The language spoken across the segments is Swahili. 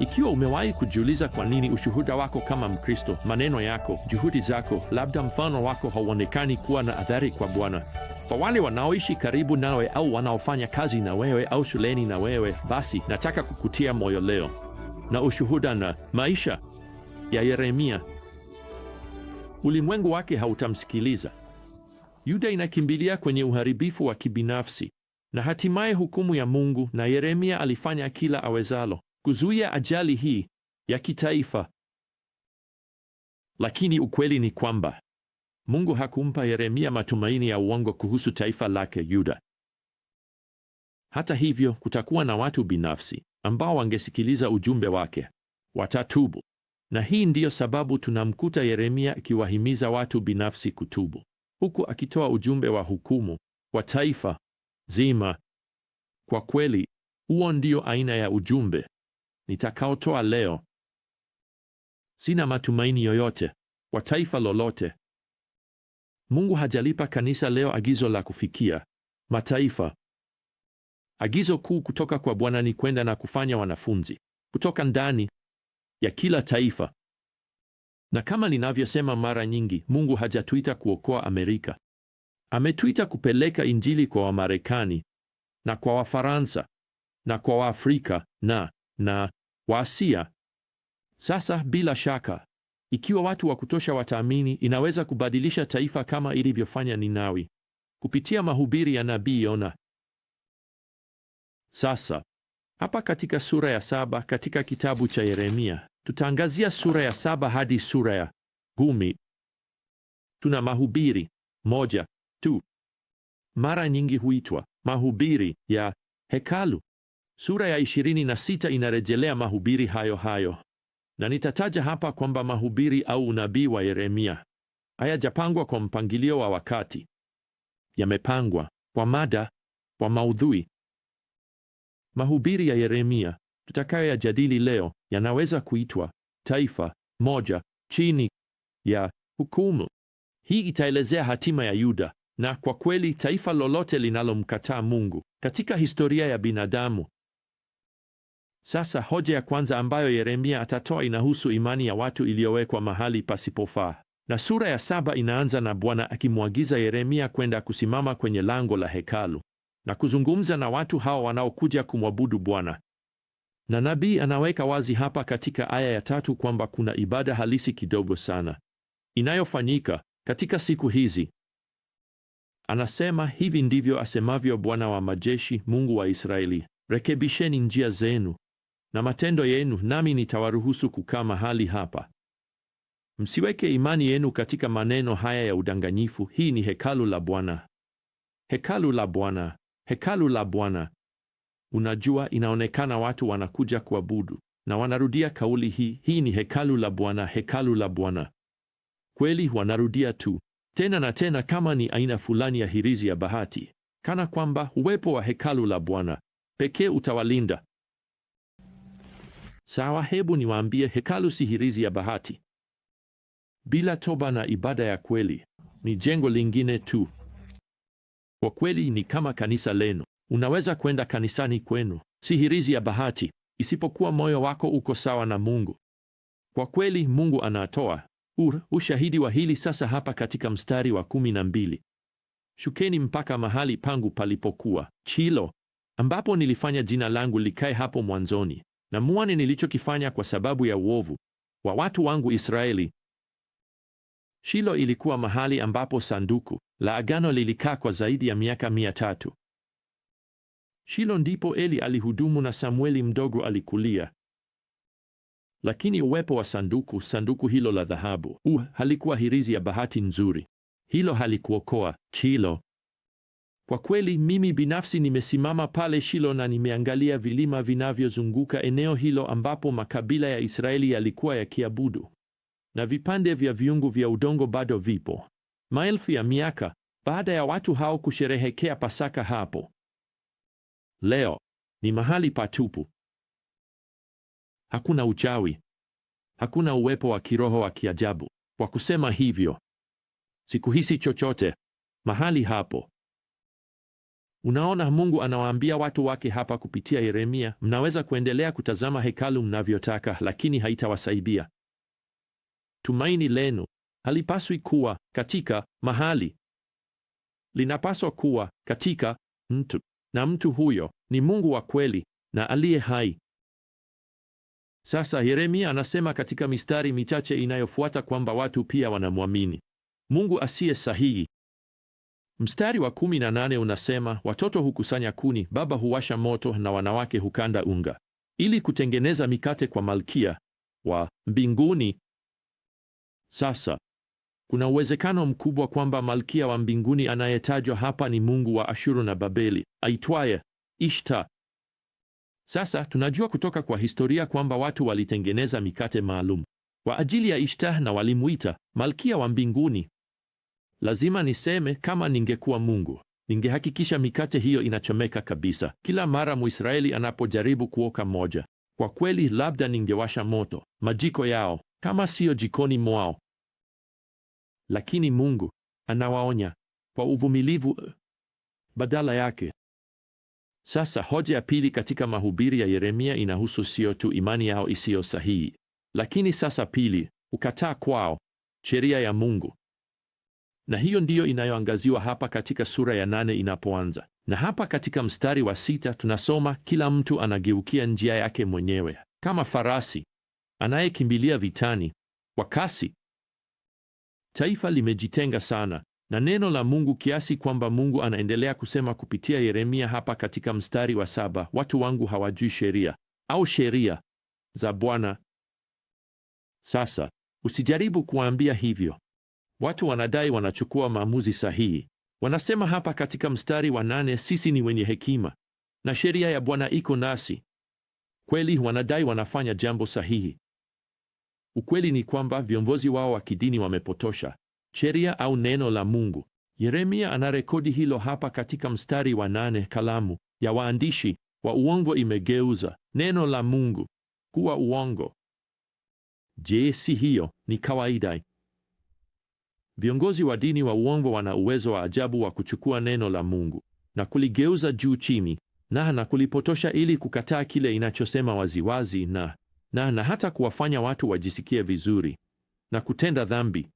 Ikiwa umewahi kujiuliza kwa nini ushuhuda wako kama Mkristo, maneno yako, juhudi zako, labda mfano wako hauonekani kuwa na athari kwa Bwana, kwa wale wanaoishi karibu nawe au wanaofanya kazi na wewe au shuleni na wewe, basi nataka kukutia moyo leo na ushuhuda na maisha ya Yeremia. Ulimwengu wake hautamsikiliza. Yuda inakimbilia kwenye uharibifu wa kibinafsi na hatimaye hukumu ya Mungu, na Yeremia alifanya kila awezalo kuzuia ajali hii ya kitaifa. Lakini ukweli ni kwamba Mungu hakumpa Yeremia matumaini ya uongo kuhusu taifa lake Yuda. Hata hivyo, kutakuwa na watu binafsi ambao wangesikiliza ujumbe wake, watatubu. Na hii ndiyo sababu tunamkuta Yeremia akiwahimiza watu binafsi kutubu, huku akitoa ujumbe wa hukumu kwa taifa zima. Kwa kweli, huo ndio aina ya ujumbe nitakaotoa leo. Sina matumaini yoyote kwa taifa lolote. Mungu hajalipa kanisa leo agizo la kufikia mataifa. Agizo kuu kutoka kwa Bwana ni kwenda na kufanya wanafunzi kutoka ndani ya kila taifa. Na kama ninavyosema mara nyingi, Mungu hajatuita kuokoa Amerika. Ametuita kupeleka Injili kwa Wamarekani na kwa Wafaransa na kwa Waafrika na na wa Asia. Sasa bila shaka, ikiwa watu wa kutosha wataamini, inaweza kubadilisha taifa kama ilivyofanya Ninawi kupitia mahubiri ya nabii Yona. Sasa hapa katika sura ya saba katika kitabu cha Yeremia tutaangazia sura ya saba hadi sura ya kumi. Tuna mahubiri moja tu, mara nyingi huitwa mahubiri ya hekalu. Sura ya ishirini na sita inarejelea mahubiri hayo hayo, na nitataja hapa kwamba mahubiri au unabii wa Yeremia hayajapangwa kwa mpangilio wa wakati, yamepangwa kwa mada, kwa maudhui. Mahubiri ya Yeremia tutakayoyajadili leo yanaweza kuitwa taifa moja chini ya hukumu. Hii itaelezea hatima ya Yuda, na kwa kweli taifa lolote linalomkataa Mungu katika historia ya binadamu sasa hoja ya kwanza ambayo Yeremia atatoa inahusu imani ya watu iliyowekwa mahali pasipofaa, na sura ya saba inaanza na Bwana akimwagiza Yeremia kwenda kusimama kwenye lango la hekalu na kuzungumza na watu hao wanaokuja kumwabudu Bwana. Na nabii anaweka wazi hapa katika aya ya tatu kwamba kuna ibada halisi kidogo sana inayofanyika katika siku hizi. Anasema, hivi ndivyo asemavyo Bwana wa majeshi, Mungu wa Israeli, rekebisheni njia zenu na matendo yenu, nami nitawaruhusu kukaa mahali hapa. Msiweke imani yenu katika maneno haya ya udanganyifu. Hii ni hekalu la Bwana, hekalu la Bwana, hekalu la Bwana. Unajua, inaonekana watu wanakuja kuabudu na wanarudia kauli hii, hii ni hekalu la Bwana, hekalu la Bwana. Kweli wanarudia tu tena na tena, kama ni aina fulani ya hirizi ya bahati, kana kwamba uwepo wa hekalu la Bwana pekee utawalinda. Sawa, hebu niwaambie, hekalu si hirizi ya bahati. Bila toba na ibada ya kweli, ni jengo lingine tu. Kwa kweli, ni kama kanisa lenu. Unaweza kwenda kanisani kwenu, si hirizi ya bahati, isipokuwa moyo wako uko sawa na Mungu. Kwa kweli, Mungu anatoa ur ushahidi wa hili sasa hapa katika mstari wa kumi na mbili: shukeni mpaka mahali pangu palipokuwa chilo, ambapo nilifanya jina langu likae hapo mwanzoni na muone nilichokifanya kwa sababu ya uovu wa watu wangu Israeli. Shilo ilikuwa mahali ambapo sanduku la agano lilikaa kwa zaidi ya miaka mia tatu. Shilo ndipo Eli alihudumu na Samueli mdogo alikulia. Lakini uwepo wa sanduku, sanduku hilo la dhahabu, uh, halikuwa hirizi ya bahati nzuri. Hilo halikuokoa Shilo. Kwa kweli mimi binafsi nimesimama pale Shilo na nimeangalia vilima vinavyozunguka eneo hilo ambapo makabila ya Israeli yalikuwa yakiabudu, na vipande vya viungu vya udongo bado vipo maelfu ya miaka baada ya watu hao kusherehekea Pasaka hapo. Leo ni mahali patupu. Hakuna uchawi, hakuna uwepo wa kiroho wa kiajabu. Kwa kusema hivyo, sikuhisi chochote mahali hapo. Unaona, Mungu anawaambia watu wake hapa kupitia Yeremia, mnaweza kuendelea kutazama hekalu mnavyotaka, lakini haitawasaidia. Tumaini lenu halipaswi kuwa katika mahali, linapaswa kuwa katika mtu, na mtu huyo ni Mungu wa kweli na aliye hai. Sasa Yeremia anasema katika mistari michache inayofuata kwamba watu pia wanamwamini Mungu asiye sahihi Mstari wa kumi na nane unasema watoto hukusanya kuni, baba huwasha moto, na wanawake hukanda unga ili kutengeneza mikate kwa malkia wa mbinguni. Sasa kuna uwezekano mkubwa kwamba malkia wa mbinguni anayetajwa hapa ni mungu wa Ashuru na Babeli aitwaye Ishta. Sasa tunajua kutoka kwa historia kwamba watu walitengeneza mikate maalum kwa ajili ya Ishta na walimuita malkia wa mbinguni. Lazima niseme, kama ningekuwa Mungu, ningehakikisha mikate hiyo inachomeka kabisa kila mara Mwisraeli anapojaribu kuoka moja. Kwa kweli, labda ningewasha moto majiko yao, kama siyo jikoni mwao. Lakini Mungu anawaonya kwa uvumilivu eh, badala yake. Sasa hoja ya pili katika mahubiri ya Yeremia inahusu sio tu imani yao isiyo sahihi, lakini sasa pili, ukataa kwao sheria ya Mungu na hiyo ndiyo inayoangaziwa hapa katika sura ya nane inapoanza. Na hapa katika mstari wa sita tunasoma, kila mtu anageukia njia yake mwenyewe kama farasi anayekimbilia vitani kwa kasi. Taifa limejitenga sana na neno la Mungu kiasi kwamba Mungu anaendelea kusema kupitia Yeremia hapa katika mstari wa saba, watu wangu hawajui sheria au sheria za Bwana. Sasa usijaribu kuwaambia hivyo Watu wanadai wanachukua maamuzi sahihi. Wanasema hapa katika mstari wa nane, sisi ni wenye hekima na sheria ya Bwana iko nasi. Kweli wanadai wanafanya jambo sahihi. Ukweli ni kwamba viongozi wao wa kidini wamepotosha sheria au neno la Mungu. Yeremia anarekodi hilo hapa katika mstari wa nane, kalamu ya waandishi wa uongo imegeuza neno la Mungu kuwa uongo. Je, si hiyo ni kawaida? Viongozi wa dini wa uongo wana uwezo wa ajabu wa kuchukua neno la Mungu na kuligeuza juu chini na na kulipotosha ili kukataa kile inachosema waziwazi na na na hata kuwafanya watu wajisikie vizuri na kutenda dhambi.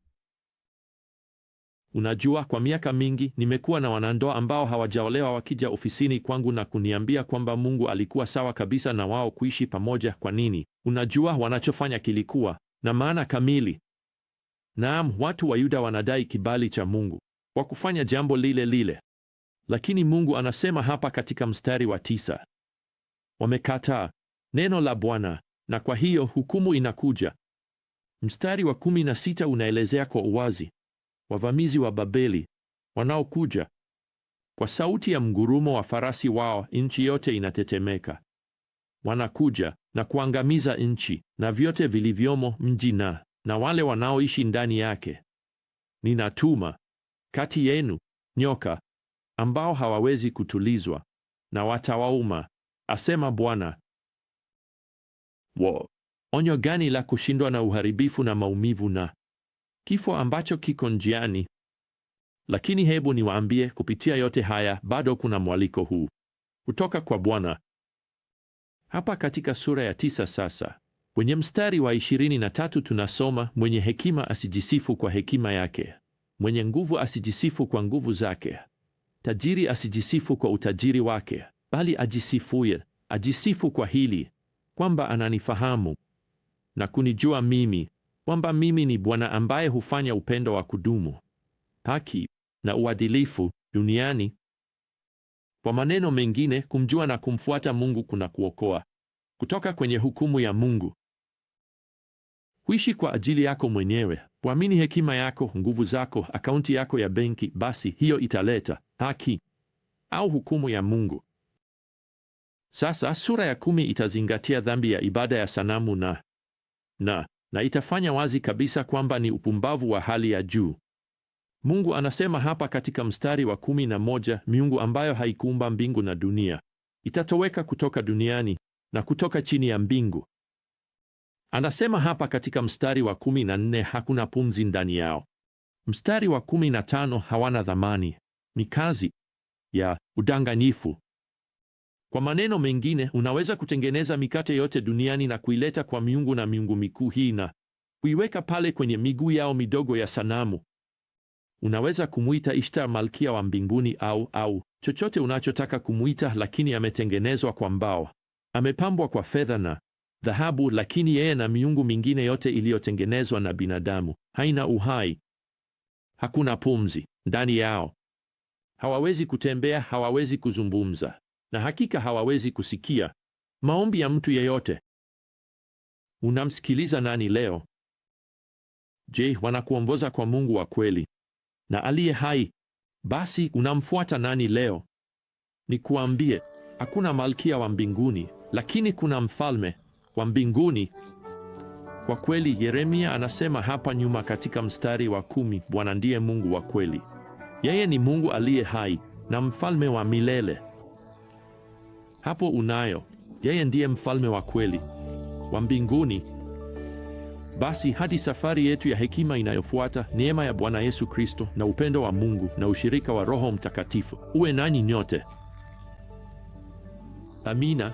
Unajua, kwa miaka mingi nimekuwa na wanandoa ambao hawajaolewa wakija ofisini kwangu na kuniambia kwamba Mungu alikuwa sawa kabisa na wao kuishi pamoja. Kwa nini? Unajua, wanachofanya kilikuwa na maana kamili. Naam, watu wa Yuda wanadai kibali cha Mungu kwa kufanya jambo lile lile, lakini Mungu anasema hapa katika mstari wa tisa, wamekataa neno la Bwana na kwa hiyo hukumu inakuja. Mstari wa kumi na sita unaelezea kwa uwazi wavamizi wa Babeli wanaokuja. Kwa sauti ya mgurumo wa farasi wao, nchi yote inatetemeka. Wanakuja na kuangamiza nchi na vyote vilivyomo, mji na na wale wanaoishi ndani yake. Ninatuma kati yenu nyoka ambao hawawezi kutulizwa na watawauma, asema Bwana. Wo, onyo gani la kushindwa na uharibifu na maumivu na kifo ambacho kiko njiani! Lakini hebu niwaambie, kupitia yote haya bado kuna mwaliko huu kutoka kwa Bwana hapa katika sura ya tisa sasa Kwenye mstari wa 23 tunasoma, mwenye hekima asijisifu kwa hekima yake, mwenye nguvu asijisifu kwa nguvu zake, tajiri asijisifu kwa utajiri wake, bali ajisifuye, ajisifu kwa hili kwamba ananifahamu na kunijua mimi, kwamba mimi ni Bwana ambaye hufanya upendo wa kudumu, haki na uadilifu duniani. Kwa maneno mengine, kumjua na kumfuata Mungu kuna kuokoa kutoka kwenye hukumu ya Mungu. Huishi kwa ajili yako mwenyewe. kuamini hekima yako, nguvu zako, akaunti yako ya benki, basi hiyo italeta haki au hukumu ya Mungu. Sasa sura ya kumi itazingatia dhambi ya ibada ya sanamu na na na itafanya wazi kabisa kwamba ni upumbavu wa hali ya juu. Mungu anasema hapa katika mstari wa kumi na moja, miungu ambayo haikuumba mbingu na dunia itatoweka kutoka duniani na kutoka chini ya mbingu. Anasema hapa katika mstari wa kumi na nne hakuna pumzi ndani yao. Mstari wa kumi na tano hawana dhamani, ni kazi ya udanganyifu. Kwa maneno mengine, unaweza kutengeneza mikate yote duniani na kuileta kwa miungu na miungu mikuu hii na kuiweka pale kwenye miguu yao midogo ya sanamu. Unaweza kumwita Ishtar malkia wa mbinguni au au chochote unachotaka kumwita, lakini ametengenezwa kwa mbao, amepambwa kwa fedha na dhahabu, lakini yeye na miungu mingine yote iliyotengenezwa na binadamu haina uhai. Hakuna pumzi ndani yao. Hawawezi kutembea, hawawezi kuzungumza, na hakika hawawezi kusikia maombi ya mtu yeyote. Unamsikiliza nani leo? Je, wanakuongoza kwa Mungu wa kweli na aliye hai? Basi unamfuata nani leo? Nikuambie, hakuna malkia wa mbinguni, lakini kuna mfalme wa mbinguni. Kwa kweli, Yeremia anasema hapa nyuma katika mstari wa kumi, Bwana ndiye Mungu wa kweli, yeye ni Mungu aliye hai na mfalme wa milele. Hapo unayo, yeye ndiye mfalme wa kweli wa mbinguni. Basi hadi safari yetu ya hekima inayofuata, neema ya Bwana Yesu Kristo na upendo wa Mungu na ushirika wa Roho Mtakatifu uwe nanyi nyote. Amina.